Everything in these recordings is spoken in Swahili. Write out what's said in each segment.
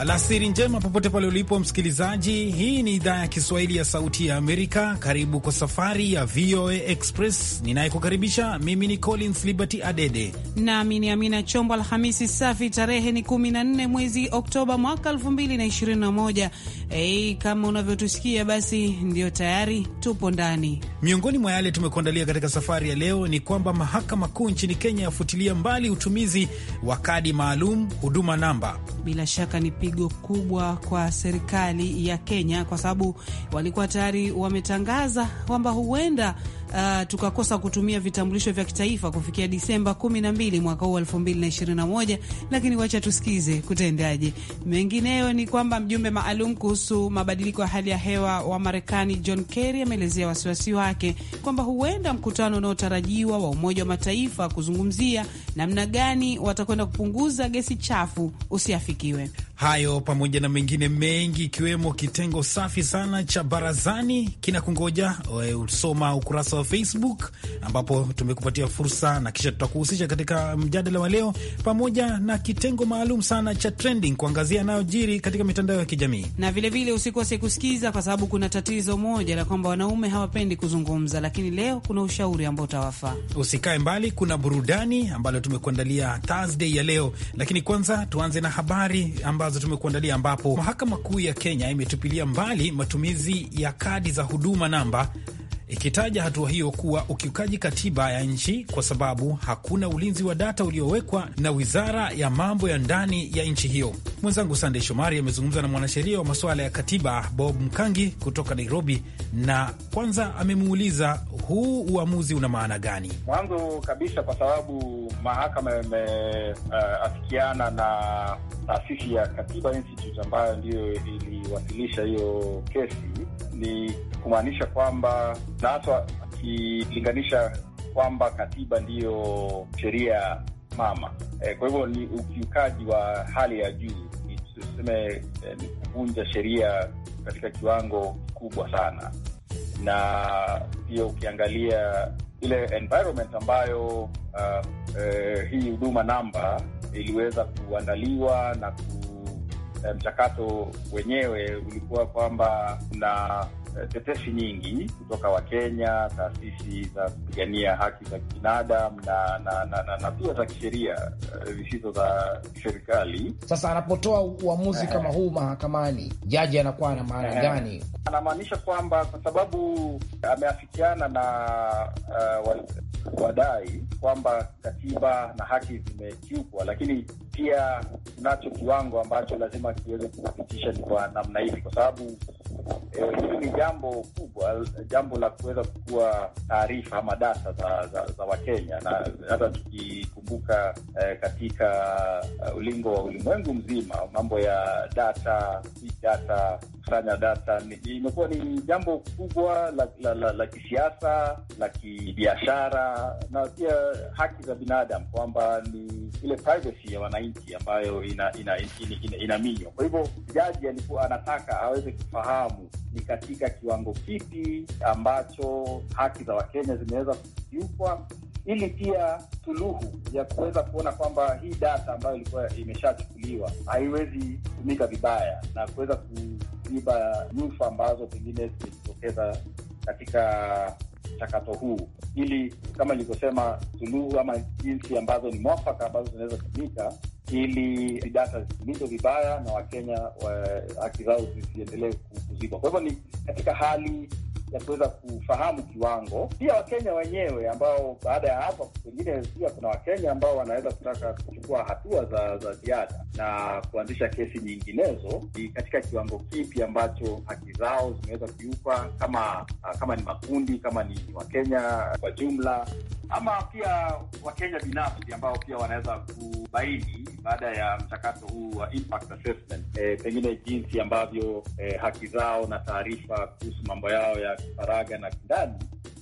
Alasiri njema popote pale ulipo msikilizaji, hii ni idhaa ya Kiswahili ya Sauti ya Amerika. Karibu kwa safari ya VOA Express. Ninayekukaribisha mimi ni Collins Liberty Adede nami ni Amina Chombo. Alhamisi safi, tarehe ni 14 mwezi Oktoba mwaka 2021. Hey, kama unavyotusikia basi ndio tayari tupo ndani. Miongoni mwa yale tumekuandalia katika safari ya leo ni kwamba mahakama kuu nchini Kenya yafutilia mbali utumizi wa kadi maalum huduma namba. Bila shaka ni pigo kubwa kwa serikali ya Kenya kwa sababu walikuwa tayari wametangaza kwamba huenda uh, tukakosa kutumia vitambulisho vya kitaifa kufikia Disemba 12 mwaka huu 2021, lakini wacha tusikize kutendaje. Mengineyo ni kwamba mjumbe maalum kuhusu mabadiliko ya hali ya hewa wa Marekani John Kerry ameelezea wasiwasi wake kwamba huenda mkutano unaotarajiwa wa Umoja wa Mataifa kuzungumzia namna gani watakwenda kupunguza gesi chafu usiafikiwe. Hayo pamoja na mengine mengi ikiwemo kitengo safi sana cha barazani kinakungoja. Eh, usoma ukurasa wa Facebook ambapo tumekupatia fursa na kisha tutakuhusisha katika mjadala wa leo, pamoja na kitengo maalum sana cha trending kuangazia yanayojiri katika mitandao ya kijamii. Na vilevile usikose kusikiza, kwa sababu kuna tatizo moja la kwamba wanaume hawapendi kuzungumza, lakini leo kuna ushauri ambao utawafaa. Usikae mbali, kuna burudani ambalo tumekuandalia Thursday ya leo, lakini kwanza tuanze na habari amba ambazo tumekuandalia, ambapo mahakama kuu ya Kenya imetupilia mbali matumizi ya kadi za huduma namba ikitaja hatua hiyo kuwa ukiukaji katiba ya nchi kwa sababu hakuna ulinzi wa data uliowekwa na wizara ya mambo ya ndani ya nchi hiyo. Mwenzangu Sandey Shomari amezungumza na mwanasheria wa masuala ya katiba Bob Mkangi kutoka Nairobi, na kwanza amemuuliza huu uamuzi una maana gani? Mwanzo kabisa, kwa sababu mahakama imeafikiana eh, uh, na taasisi ya Katiba Institute ambayo ndiyo iliwasilisha hiyo kesi, ni kumaanisha kwamba na akilinganisha kwamba katiba ndiyo sheria mama e, kwa hivyo ni ukiukaji wa hali ya juu, tuseme eh, ni kuvunja sheria katika kiwango kikubwa sana, na pia ukiangalia ile environment ambayo uh, uh, hii huduma namba iliweza kuandaliwa na eh, mchakato wenyewe ulikuwa kwamba na eh, tetesi nyingi kutoka Wakenya, taasisi za kupigania haki za kibinadamu na na, na, na, na pia za kisheria eh, zisizo za serikali. Sasa anapotoa uamuzi eh, kama huu mahakamani, jaji anakuwa na maana eh, gani? Anamaanisha kwamba kwa sababu ameafikiana na uh, wadai kwamba katiba na haki zimekiukwa, lakini pia tunacho kiwango ambacho lazima kiweze kupitisha ni kwa namna hivi, kwa sababu eh, hili ni jambo kubwa, jambo la kuweza kukua taarifa ama data za, za, za Wakenya na hata tukikumbuka eh, katika uh, ulingo wa ulimwengu mzima mambo ya data big data kusanya data imekuwa ni, ni jambo kubwa la, la, la, la kisiasa la kibiashara na pia haki za binadamu kwamba ni ile privacy ya wananchi nchi ambayo ina ina, ina, ina, ina minywa. Kwa hivyo jaji alikuwa anataka aweze kufahamu ni katika kiwango kipi ambacho haki za Wakenya zimeweza kukiukwa ili pia suluhu ya kuweza kuona kwamba hii data ambayo ilikuwa imeshachukuliwa haiwezi kutumika vibaya na kuweza kuziba nyufa ambazo pengine zimejitokeza katika mchakato huu, ili kama ilivyosema, suluhu ama jinsi ambazo ni mwafaka ambazo zinaweza kutumika ili data zisilindwe vibaya na Wakenya haki zao zisiendelee kuzibwa. Kwa hivyo ni katika hali ya kuweza kufahamu kiwango, pia Wakenya wenyewe ambao baada ya hapa, pengine pia kuna Wakenya ambao wanaweza kutaka kuchukua hatua za za ziada na kuanzisha kesi nyinginezo, ni katika kiwango kipi ambacho haki zao zimeweza kuyupa, kama kama ni makundi, kama ni Wakenya kwa jumla ama pia Wakenya binafsi ambao pia wanaweza kubaini baada ya mchakato huu wa impact assessment, e, pengine jinsi ambavyo e, haki zao na taarifa kuhusu mambo yao ya faraga na kindani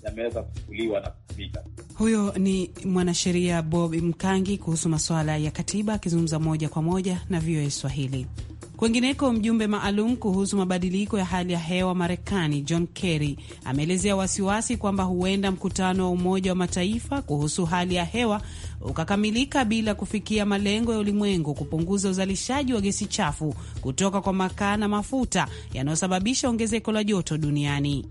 yameweza kuchukuliwa na kutumika. Huyo ni mwanasheria Bob Mkangi kuhusu masuala ya katiba akizungumza moja kwa moja na VOA Swahili kwengineko mjumbe maalum kuhusu mabadiliko ya hali ya hewa Marekani John Kerry ameelezea wasiwasi kwamba huenda mkutano wa Umoja wa Mataifa kuhusu hali ya hewa ukakamilika bila kufikia malengo ya ulimwengu kupunguza uzalishaji wa gesi chafu kutoka kwa makaa na mafuta yanayosababisha ongezeko la joto duniani.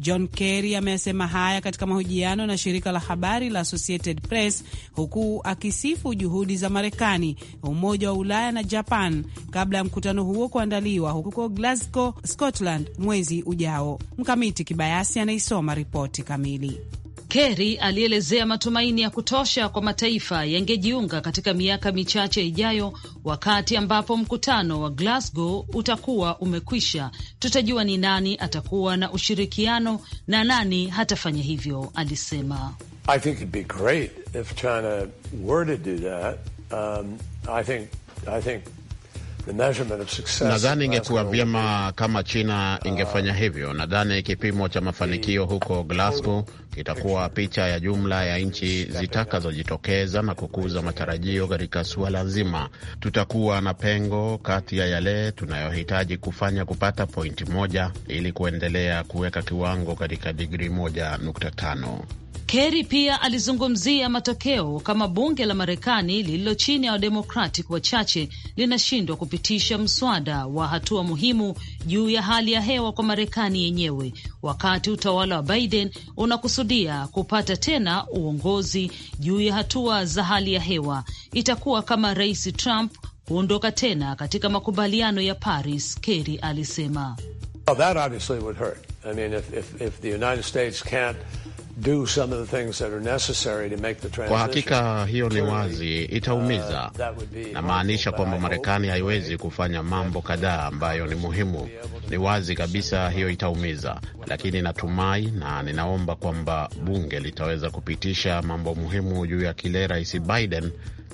John Kerry amesema haya katika mahojiano na shirika la habari la Associated Press huku akisifu juhudi za Marekani, Umoja wa Ulaya na Japan kabla ya mkutano huo kuandaliwa huko Glasgow, Scotland mwezi ujao. Mkamiti Kibayasi anaisoma ripoti kamili. Kerry alielezea matumaini ya kutosha kwa mataifa yangejiunga katika miaka michache ijayo, wakati ambapo mkutano wa Glasgow utakuwa umekwisha. Tutajua ni nani atakuwa na ushirikiano na nani hatafanya hivyo, alisema. I think it'd be great if China were to do that. Um, I think, I think nadhani ingekuwa vyema kama China ingefanya uh, hivyo. Nadhani kipimo cha mafanikio huko Glasgow itakuwa picha ya jumla ya nchi zitakazojitokeza na kukuza matarajio katika suala zima. Tutakuwa na pengo kati ya yale tunayohitaji kufanya kupata pointi moja ili kuendelea kuweka kiwango katika digrii tano. Kerry pia alizungumzia matokeo kama bunge la Marekani lililo chini ya wademokratic wachache linashindwa kupitisha mswada wa hatua muhimu juu ya hali ya hewa kwa Marekani yenyewe, wakati utawala wa Biden unakusu inakusudia kupata tena uongozi juu ya hatua za hali ya hewa itakuwa kama Rais Trump kuondoka tena katika makubaliano ya Paris, Kerry alisema. Well, kwa hakika hiyo ni wazi, uh, itaumiza. namaanisha kwamba Marekani haiwezi kufanya mambo kadhaa ambayo ni muhimu. Ni wazi kabisa hiyo itaumiza, lakini natumai na ninaomba kwamba bunge litaweza kupitisha mambo muhimu juu ya kile Rais Biden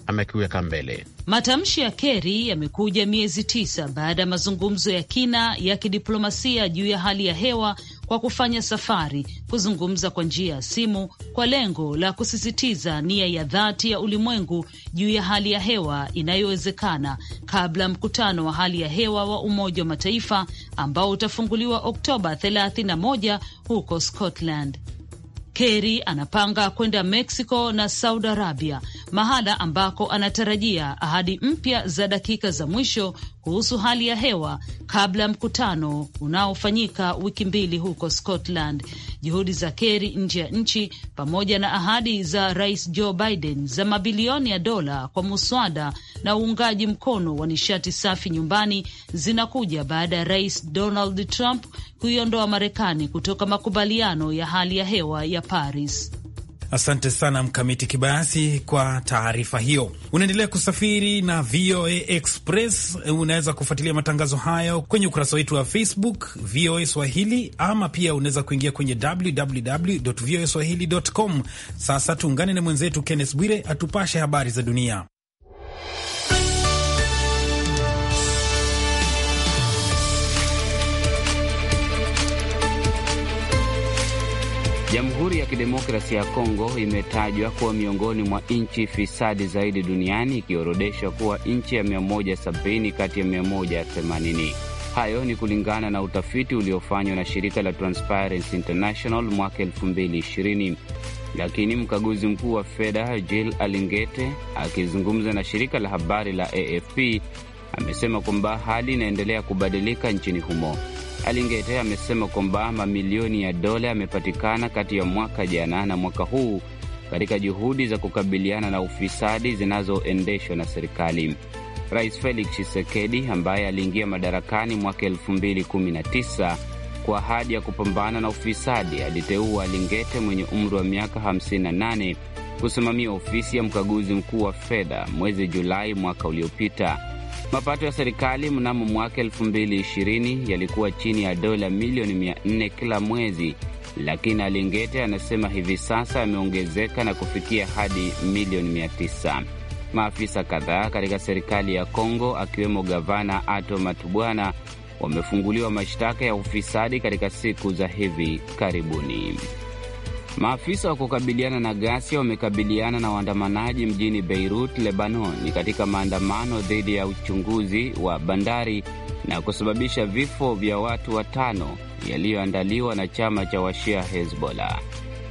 amekiweka mbele. Matamshi ya Kerry yamekuja miezi tisa baada ya mazungumzo ya kina ya kidiplomasia juu ya hali ya hewa kwa kufanya safari, kuzungumza kwa njia ya simu, kwa lengo la kusisitiza nia ya dhati ya ulimwengu juu ya hali ya hewa inayowezekana kabla mkutano wa hali ya hewa wa Umoja wa Mataifa ambao utafunguliwa Oktoba 31 huko Scotland. Kerry anapanga kwenda Mexico na Saudi Arabia, mahala ambako anatarajia ahadi mpya za dakika za mwisho kuhusu hali ya hewa kabla ya mkutano unaofanyika wiki mbili huko Scotland. Juhudi za Kerry nje ya nchi pamoja na ahadi za Rais Joe Biden za mabilioni ya dola kwa muswada na uungaji mkono wa nishati safi nyumbani zinakuja baada ya Rais Donald Trump kuiondoa Marekani kutoka makubaliano ya hali ya hewa ya Paris. Asante sana Mkamiti Kibayasi kwa taarifa hiyo. Unaendelea kusafiri na VOA Express. Unaweza kufuatilia matangazo hayo kwenye ukurasa wetu wa Facebook VOA Swahili, ama pia unaweza kuingia kwenye www voa swahili com. Sasa tuungane na mwenzetu Kennes Bwire atupashe habari za dunia. Jamhuri ya Kidemokrasia ya Kongo imetajwa kuwa miongoni mwa nchi fisadi zaidi duniani ikiorodeshwa kuwa nchi ya 170 kati ya 180. Hayo ni kulingana na utafiti uliofanywa na shirika la Transparency International mwaka 2020. Lakini mkaguzi mkuu wa fedha Jill Alingete akizungumza na shirika la habari la AFP amesema kwamba hali inaendelea kubadilika nchini humo. Alingete amesema kwamba mamilioni ya dola yamepatikana kati ya mwaka jana na mwaka huu katika juhudi za kukabiliana na ufisadi zinazoendeshwa na serikali. Rais Felix Tshisekedi ambaye aliingia madarakani mwaka 2019 kwa ahadi ya kupambana na ufisadi aliteua Alingete mwenye umri wa miaka 58 kusimamia ofisi ya mkaguzi mkuu wa fedha mwezi Julai mwaka uliopita. Mapato ya serikali mnamo mwaka 2020 yalikuwa chini ya dola milioni 400 kila mwezi, lakini Alingete anasema hivi sasa yameongezeka na kufikia hadi milioni 900. Maafisa kadhaa katika serikali ya Kongo akiwemo gavana Ato Matubwana wamefunguliwa mashtaka ya ufisadi katika siku za hivi karibuni. Maafisa wa kukabiliana na ghasia wamekabiliana na waandamanaji mjini Beirut, Lebanon, katika maandamano dhidi ya uchunguzi wa bandari na kusababisha vifo vya watu watano yaliyoandaliwa na chama cha washia Hezbollah.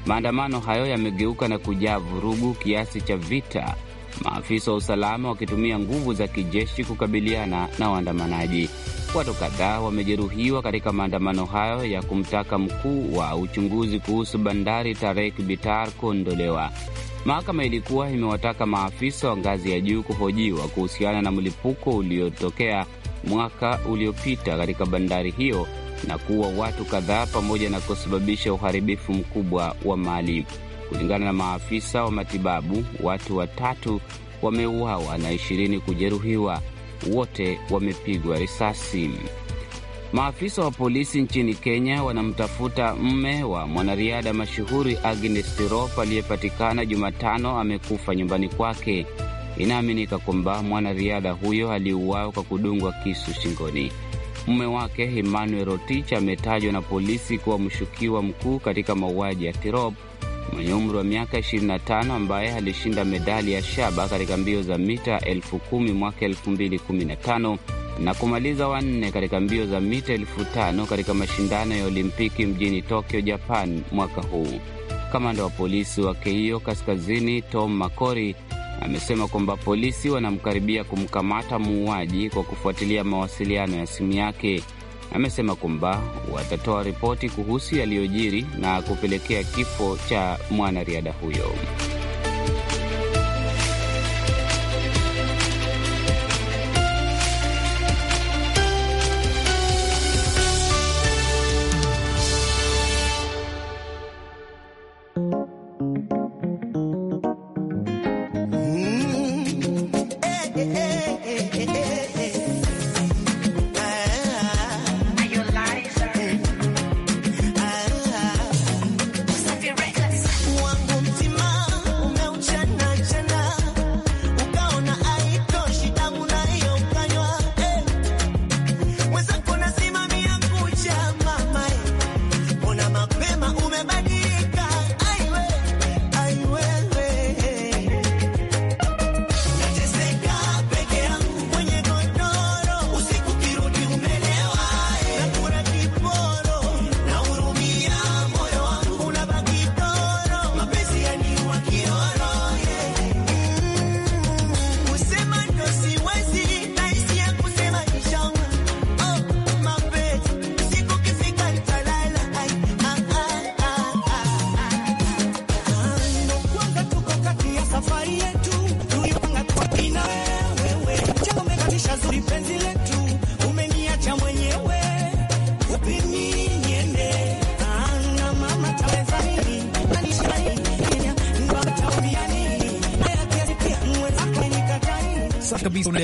Maandamano hayo yamegeuka na kujaa vurugu kiasi cha vita, maafisa wa usalama wakitumia nguvu za kijeshi kukabiliana na waandamanaji. Watu kadhaa wamejeruhiwa katika maandamano hayo ya kumtaka mkuu wa uchunguzi kuhusu bandari Tarek Bitar kuondolewa. Mahakama ilikuwa imewataka maafisa wa ngazi ya juu kuhojiwa kuhusiana na mlipuko uliotokea mwaka uliopita katika bandari hiyo na kuua watu kadhaa pamoja na kusababisha uharibifu mkubwa wa mali. Kulingana na maafisa wa matibabu, watu watatu wameuawa na ishirini kujeruhiwa wote wamepigwa risasi. Maafisa wa polisi nchini Kenya wanamtafuta mme wa mwanariadha mashuhuri Agnes Tirop aliyepatikana Jumatano amekufa nyumbani kwake. Inaaminika kwamba mwanariadha huyo aliuawa kwa kudungwa kisu shingoni. mme wake Emmanuel Rotich ametajwa na polisi kuwa mshukiwa mkuu katika mauaji ya Tirop mwenye umri wa miaka 25 ambaye alishinda medali ya shaba katika mbio za mita elfu kumi mwaka 2015 na kumaliza wanne katika mbio za mita elfu tano katika mashindano ya Olimpiki mjini Tokyo, Japan mwaka huu. Kamanda wa polisi wa Keio Kaskazini, Tom Makori, amesema kwamba polisi wanamkaribia kumkamata muuaji kwa kufuatilia mawasiliano ya simu yake amesema kwamba watatoa ripoti kuhusu yaliyojiri na kupelekea kifo cha mwanariadha huyo.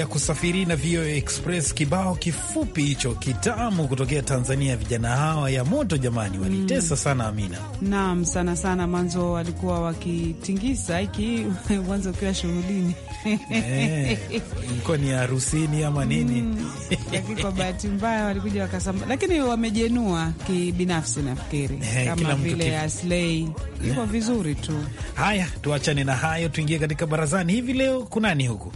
ya kusafiri na VOA Express. Kibao kifupi hicho kitamu kutokea Tanzania. Vijana hawa ya moto jamani, walitesa mm. sana Amina. Naam, sana sana, mwanzo walikuwa wakitingisa iki mwanzo ukiwa shughulini eh, ilikuwa ni harusini ama nini mm, kwa bahati mbaya walikuja wakasamba, lakini wamejenua kibinafsi nafikiri e, kama vile aslei iko eh. vizuri tu. Haya, tuachane na hayo, tuingie katika barazani hivi leo. Kunani huku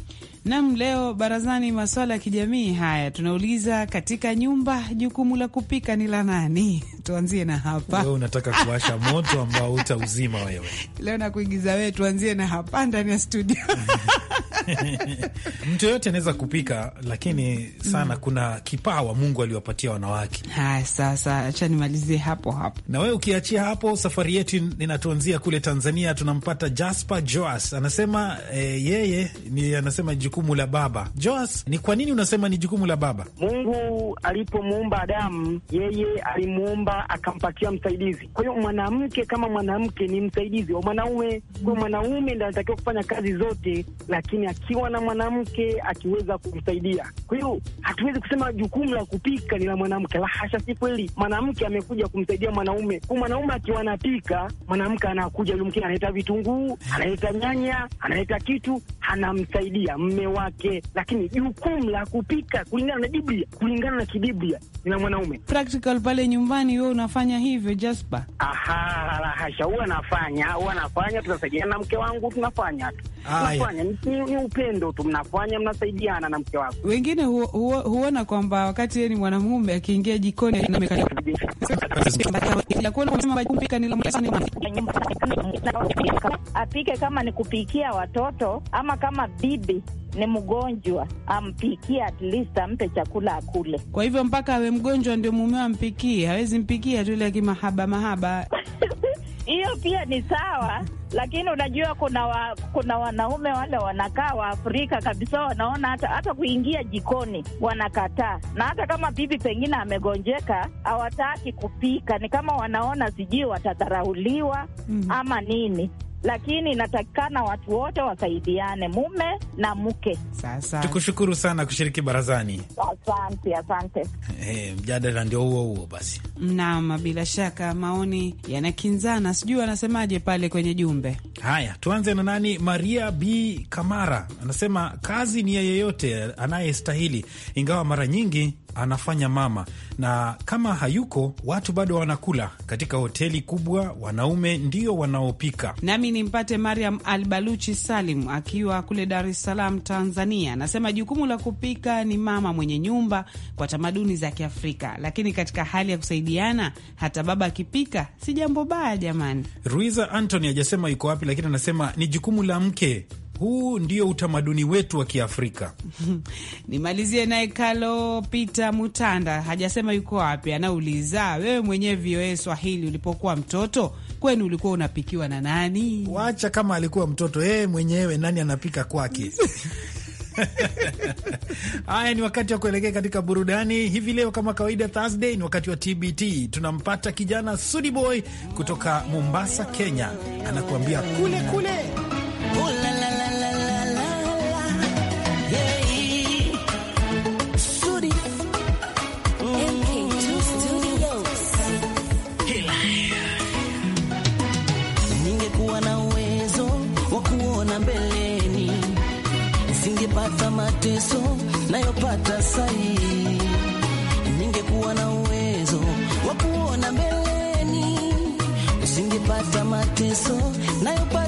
Nam, leo barazani, masuala ya kijamii haya tunauliza, katika nyumba jukumu la kupika ni la nani? Tuanzie na hapa. Leo unataka kuwasha moto ambao utauzima wewe. Leo nakuingiza wewe, tuanzie na hapa ndani ya studio mtu yoyote anaweza kupika, lakini sana mm. kuna kipawa Mungu aliwapatia wanawake. Haya, sasa acha nimalizie hapo hapo, na wewe ukiachia hapo, safari yetu inatuanzia kule Tanzania. Tunampata Jasper Joas, anasema e, yeye ni anasema jukumu la baba. Joas, ni kwa nini unasema ni jukumu la baba? Mungu alipomuumba Adamu, yeye alimuumba akampatia msaidizi. Kwa hiyo mwanamke kama mwanamke ni msaidizi wa mwanaume, kwa mwanaume ndio anatakiwa kufanya kazi zote, lakini akiwa na mwanamke akiweza kumsaidia. Kwa hiyo hatuwezi kusema jukumu la kupika ni la mwanamke, la hasha, si kweli. Mwanamke amekuja kumsaidia mwanaume, kwa mwanaume akiwa anapika, mwanamke anakuja yumkini, analeta vitunguu, analeta nyanya, analeta kitu, anamsaidia mme wake, lakini jukumu la kupika kulingana na Biblia, kulingana na kibiblia ni la mwanaume. Practical pale nyumbani, wewe unafanya hivyo Jasper? Aha, la hasha, huwa nafanya, huwa nafanya, tunasaidiana na mke wangu, tunafanya tu, tunafanya ni upendo tu mnafanya, mnasaidiana na mke wako. Wengine huona kwamba wakati yeye ni mwanamume akiingia jikoni apike, kama ni kupikia watoto ama kama bibi ni mgonjwa ampikie, at least ampe chakula akule. Kwa hivyo mpaka awe mgonjwa ndio mume ampikie, hawezi mpikia tu ile kimahaba mahaba. hiyo pia ni sawa, lakini unajua kuna wa, kuna wanaume wale wanakaa Waafrika kabisa, wanaona hata hata kuingia jikoni wanakataa, na hata kama bibi pengine amegonjeka hawataki kupika, ni kama wanaona sijui watadharauliwa mm, ama nini lakini inatakikana watu wote wasaidiane, mume na mke. Sasa tukushukuru sana kushiriki barazani, asante. Asante hey, eh, mjadala ndio huo huo basi. Naam, bila shaka maoni yanakinzana, sijui anasemaje pale kwenye jumbe. Haya, tuanze na nani? Maria B Kamara anasema kazi ni ya yeyote anayestahili, ingawa mara nyingi anafanya mama, na kama hayuko watu bado wanakula katika hoteli kubwa, wanaume ndio wanaopika. Nami nimpate Mariam Al Baluchi Salim akiwa kule Dar es Salaam, Tanzania, anasema jukumu la kupika ni mama mwenye nyumba kwa tamaduni za Kiafrika, lakini katika hali ya kusaidiana, hata baba akipika si jambo baya jamani. Ruiza antony hajasema yuko wapi, lakini anasema ni jukumu la mke huu ndio utamaduni wetu wa Kiafrika. Nimalizie naye Kalo Peter Mutanda, hajasema yuko wapi, anauliza wewe mwenyewe VOA Swahili, ulipokuwa mtoto kwenu ulikuwa unapikiwa na nani? Wacha kama alikuwa mtoto yeye mwenyewe, nani anapika kwake? Haya, ni wakati wa kuelekea katika burudani hivi leo. Kama kawaida, Thursday ni wakati wa TBT. Tunampata kijana Sudi Boy kutoka Mombasa, Kenya, anakuambia kule kule nayopata sai, ningekuwa na uwezo wa kuona mbeleni, usingepata mateso nayopata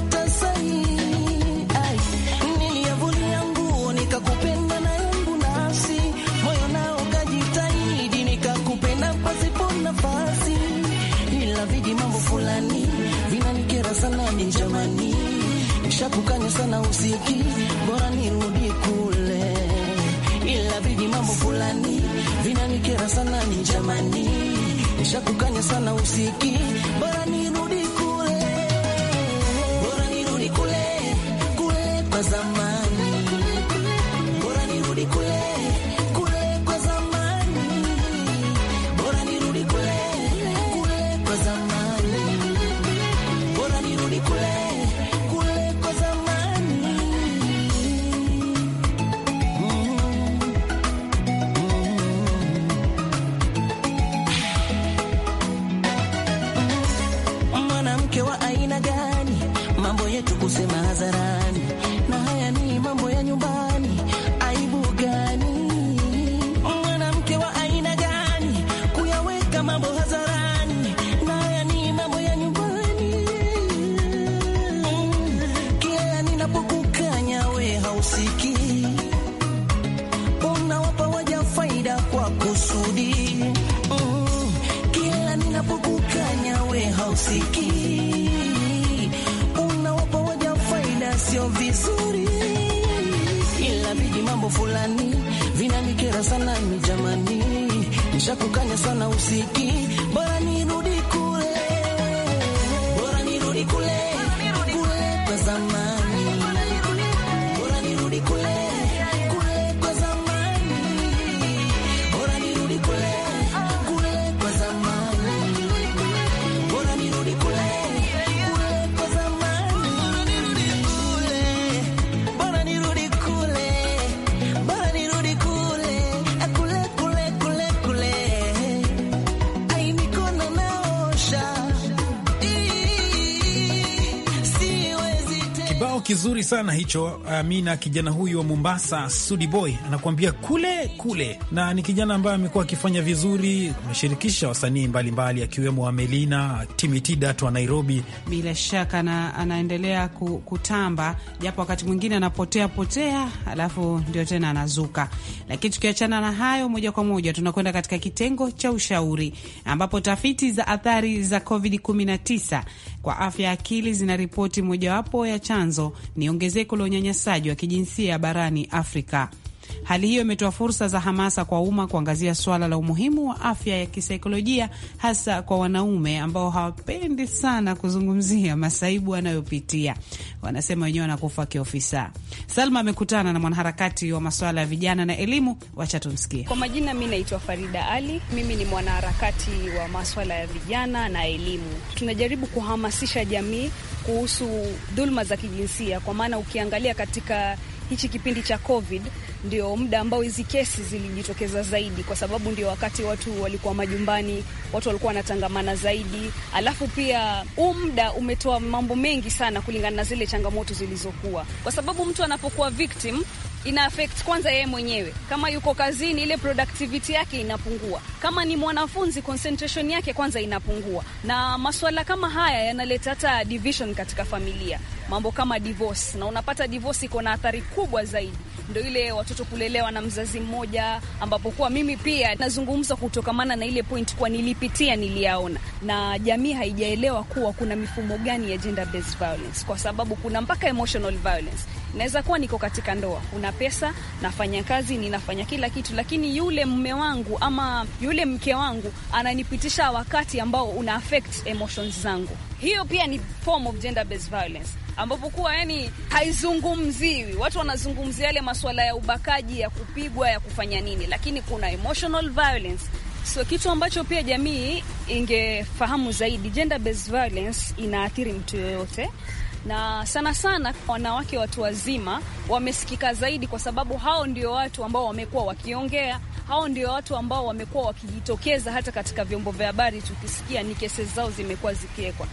vizuri, ila bidi mambo fulani vinanikera sana, mi jamani, nishakukanya sana usiki sana hicho Amina. Ah, uh, kijana huyu wa Mombasa Sudi Boy anakuambia kule kule, na ni kijana ambaye amekuwa akifanya vizuri, ameshirikisha wasanii mbalimbali akiwemo Amelina Timitidatu wa Nairobi. Bila shaka na, anaendelea kutamba japo wakati mwingine anapotea potea, alafu ndio tena anazuka. Lakini tukiachana na hayo, moja kwa moja tunakwenda katika kitengo cha ushauri, ambapo tafiti za athari za COVID-19 kwa afya ya akili ripoti mojawapo ya chanzo ni ongezeko la unyanyasaji wa kijinsia barani Afrika. Hali hiyo imetoa fursa za hamasa kwa umma kuangazia swala la umuhimu wa afya ya kisaikolojia, hasa kwa wanaume ambao hawapendi sana kuzungumzia masaibu wanayopitia. Wanasema wenyewe wanakufa kiofisa. Salma amekutana na mwanaharakati wa masuala ya vijana na elimu, wacha tumsikie. Kwa majina, mi naitwa Farida Ali, mimi ni mwanaharakati wa maswala ya vijana na elimu. Tunajaribu kuhamasisha jamii kuhusu dhuluma za kijinsia, kwa maana ukiangalia katika hichi kipindi cha COVID ndio muda ambao hizi kesi zilijitokeza zaidi, kwa sababu ndio wakati watu walikuwa majumbani, watu walikuwa wanatangamana zaidi. Alafu pia huu muda umetoa mambo mengi sana kulingana na zile changamoto zilizokuwa, kwa sababu mtu anapokuwa victim ina affect kwanza yeye mwenyewe. Kama yuko kazini, ile productivity yake inapungua. Kama ni mwanafunzi, concentration yake kwanza inapungua, na maswala kama haya yanaleta hata division katika familia, mambo kama divorce, na unapata divorce iko na athari kubwa zaidi ndo ile watoto kulelewa na mzazi mmoja, ambapo kuwa mimi pia nazungumza kutokamana na ile point, kwa nilipitia, niliyaona, na jamii haijaelewa kuwa kuna mifumo gani ya gender based violence, kwa sababu kuna mpaka emotional violence. Naweza kuwa niko katika ndoa, una pesa, nafanya kazi, ninafanya kila kitu, lakini yule mme wangu ama yule mke wangu ananipitisha wakati ambao una affect emotions zangu. Hiyo pia ni form of gender based violence ambapo kuwa yani haizungumziwi. Watu wanazungumzia yale masuala ya ubakaji, ya kupigwa, ya kufanya nini, lakini kuna emotional violence So kitu ambacho pia jamii ingefahamu zaidi, gender based violence inaathiri mtu yoyote, na sana sana wanawake watu wazima wamesikika zaidi, kwa sababu hao ndio watu ambao wamekuwa wakiongea, hao ndio watu ambao wamekuwa wakijitokeza hata katika vyombo vya habari, tukisikia ni kesi zao zimekuwa zikiwekwa.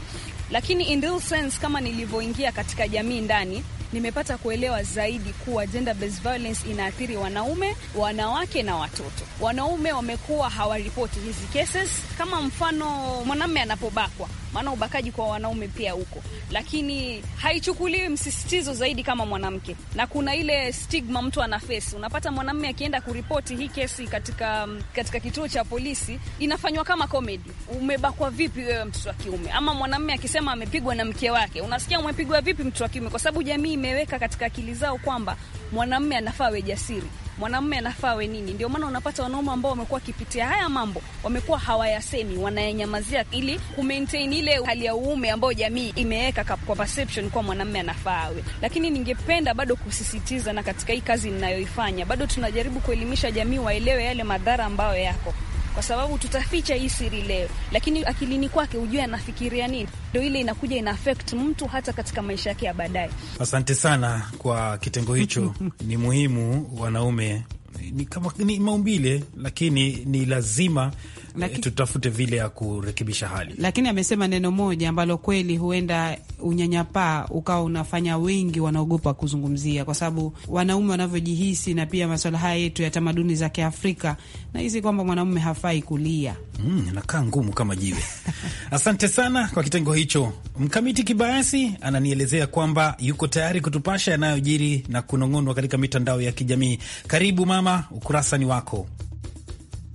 Lakini in real sense, kama nilivyoingia katika jamii ndani nimepata kuelewa zaidi kuwa gender based violence inaathiri wanaume, wanawake na watoto. Wanaume wamekuwa hawaripoti hizi cases, kama mfano mwanamume anapobakwa maana ubakaji kwa wanaume pia huko lakini haichukuliwi msisitizo zaidi kama mwanamke, na kuna ile stigma mtu ana face. Unapata mwanamume akienda kuripoti hii kesi katika katika kituo cha polisi, inafanywa kama comedy. Umebakwa vipi wewe mtoto wa kiume? Ama mwanamume akisema amepigwa na mke wake, unasikia umepigwa vipi mtoto wa kiume? Kwa sababu jamii imeweka katika akili zao kwamba mwanamume anafaa wejasiri jasiri mwanamume anafaa awe nini. Ndio maana unapata wanaume ambao wamekuwa wakipitia haya mambo wamekuwa hawayasemi, wanayanyamazia ili kumaintain ile hali ya uume ambayo jamii imeweka kwa perception kwa mwanamume anafaa awe. Lakini ningependa bado kusisitiza, na katika hii kazi ninayoifanya bado tunajaribu kuelimisha jamii waelewe yale madhara ambayo yako kwa sababu tutaficha hii siri leo, lakini akilini kwake hujue anafikiria nini. Ndo ile inakuja ina affect mtu hata katika maisha yake ya baadaye. Asante sana kwa kitengo hicho ni muhimu wanaume ni, kama, ni maumbile lakini ni lazima Laki... Eh, tutafute vile ya kurekebisha hali, lakini amesema neno moja ambalo kweli huenda unyanyapaa ukawa unafanya wengi wanaogopa kuzungumzia, kwa sababu wanaume wanavyojihisi na pia maswala haya yetu ya tamaduni za Kiafrika, nahisi kwamba mwanaume hafai kulia. Mm, nakaa ngumu kama jiwe. Asante sana kwa kitengo hicho. Mkamiti Kibayasi ananielezea kwamba yuko tayari kutupasha yanayojiri na kunong'onwa katika mitandao ya kijamii. Karibu mama, ukurasa ni wako.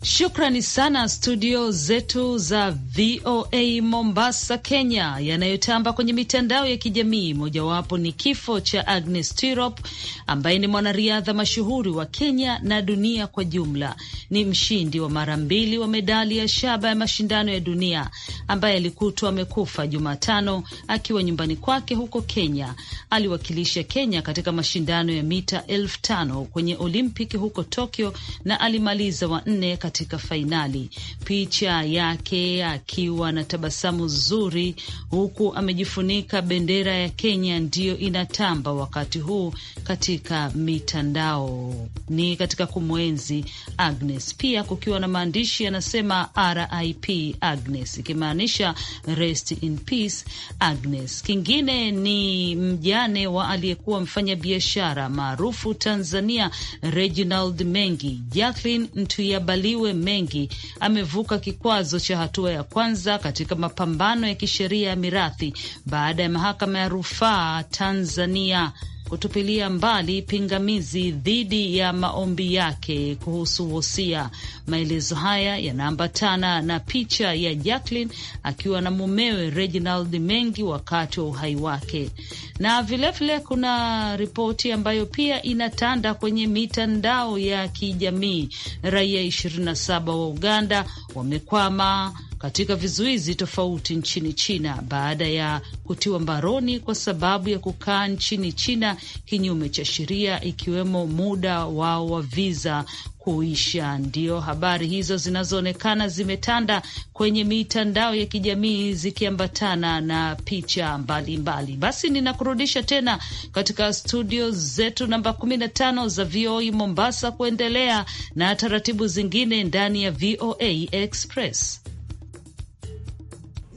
Shukrani sana studio zetu za VOA Mombasa, Kenya, yanayotamba kwenye mitandao ya kijamii. Mojawapo ni kifo cha Agnes Tirop ambaye ni mwanariadha mashuhuri wa Kenya na dunia kwa jumla. Ni mshindi wa mara mbili wa medali ya shaba ya mashindano ya dunia, ambaye alikutwa amekufa Jumatano akiwa nyumbani kwake huko Kenya. Aliwakilisha Kenya katika mashindano ya mita elfu tano kwenye Olimpiki huko Tokyo na alimaliza wa nne katika fainali, picha yake akiwa na tabasamu zuri, huku amejifunika bendera ya Kenya ndiyo inatamba wakati huu katika mitandao, ni katika kumwenzi Agnes. Pia kukiwa na maandishi yanasema RIP Agnes, ikimaanisha rest in peace Agnes. Kingine ni mjane wa aliyekuwa mfanya biashara maarufu Tanzania Reginald Mengi, Jacqueline Mtuyabali yasiwe Mengi amevuka kikwazo cha hatua ya kwanza katika mapambano ya kisheria ya mirathi baada ya mahakama ya rufaa Tanzania kutupilia mbali pingamizi dhidi ya maombi yake kuhusu wosia. Maelezo haya yanaambatana na picha ya Jacqueline akiwa na mumewe Reginald Mengi wakati wa uhai wake, na vilevile vile kuna ripoti ambayo pia inatanda kwenye mitandao ya kijamii. Raia 27 wa Uganda wamekwama katika vizuizi tofauti nchini China baada ya kutiwa mbaroni kwa sababu ya kukaa nchini China kinyume cha sheria, ikiwemo muda wao wa viza kuisha. ndio habari hizo zinazoonekana zimetanda kwenye mitandao ya kijamii zikiambatana na picha mbalimbali mbali. Basi ninakurudisha tena katika studio zetu namba 15 za VOA e Mombasa kuendelea na taratibu zingine ndani ya VOA Express.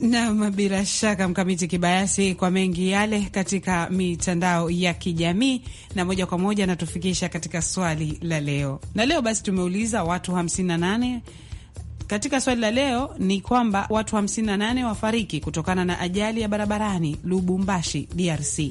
Nam, bila shaka Mkamiti Kibayasi kwa mengi yale katika mitandao ya kijamii, na moja kwa moja anatufikisha katika swali la leo. Na leo basi tumeuliza watu 58 katika swali la leo ni kwamba watu 58 wafariki kutokana na ajali ya barabarani Lubumbashi, DRC.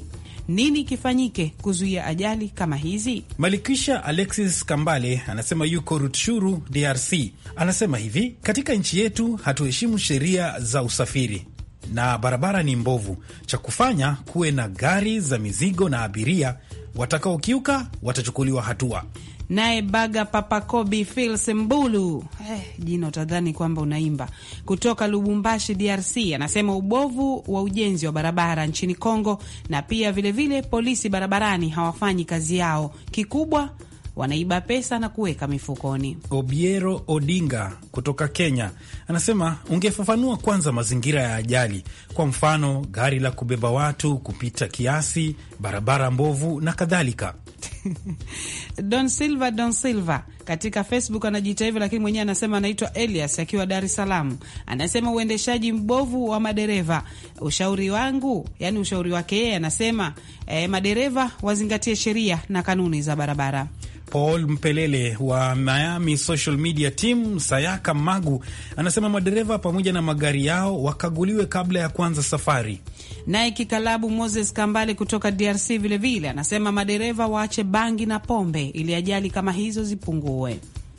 Nini kifanyike kuzuia ajali kama hizi? Malikisha Alexis Kambale anasema yuko Rutshuru, DRC. Anasema hivi, katika nchi yetu hatuheshimu sheria za usafiri na barabara ni mbovu. Cha kufanya kuwe na gari za mizigo na abiria, watakaokiuka watachukuliwa hatua. Naye Baga Papakobi Fils Mbulu, eh, jina utadhani kwamba unaimba, kutoka Lubumbashi DRC, anasema ubovu wa ujenzi wa barabara nchini Kongo na pia vilevile vile, polisi barabarani hawafanyi kazi yao, kikubwa wanaiba pesa na kuweka mifukoni. Obiero Odinga kutoka Kenya anasema ungefafanua kwanza mazingira ya ajali, kwa mfano gari la kubeba watu kupita kiasi, barabara mbovu na kadhalika. Don Silva, Don Silva katika Facebook anajiita hivyo, lakini mwenyewe anasema anaitwa Elias akiwa Dar es Salaam. Anasema uendeshaji mbovu wa madereva, ushauri wangu, yani ushauri wake yeye anasema eh, madereva wazingatie sheria na kanuni za barabara. Paul Mpelele wa Miami social media team Sayaka Magu anasema madereva pamoja na magari yao wakaguliwe kabla ya kuanza safari. Naye kikalabu Moses Kambale kutoka DRC vilevile vile, anasema madereva waache bangi na pombe ili ajali kama hizo zipungue.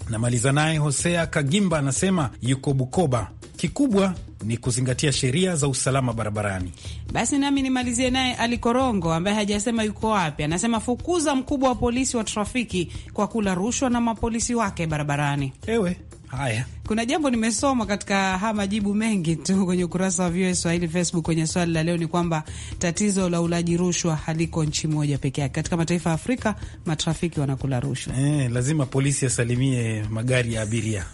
Namaliza naye Hosea Kagimba anasema yuko Bukoba, kikubwa ni kuzingatia sheria za usalama barabarani. Basi nami nimalizie naye Ali Korongo ambaye hajasema yuko wapi, anasema fukuza mkubwa wa polisi wa trafiki kwa kula rushwa na mapolisi wake barabarani. Ewe Haya, kuna jambo nimesoma katika haya majibu mengi tu kwenye ukurasa wa VOA Swahili Facebook kwenye swali la leo, ni kwamba tatizo la ulaji rushwa haliko nchi moja peke yake. Katika mataifa ya Afrika matrafiki wanakula rushwa eh, lazima polisi asalimie magari ya abiria.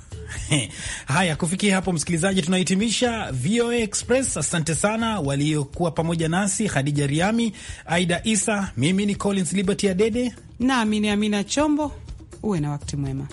Haya, kufikia hapo msikilizaji, tunahitimisha VOA Express. Asante sana waliokuwa pamoja nasi, Khadija Riami, Aida Isa, mimi ni Collins Liberty Adede nami ni Amina Chombo. Uwe na wakati mwema.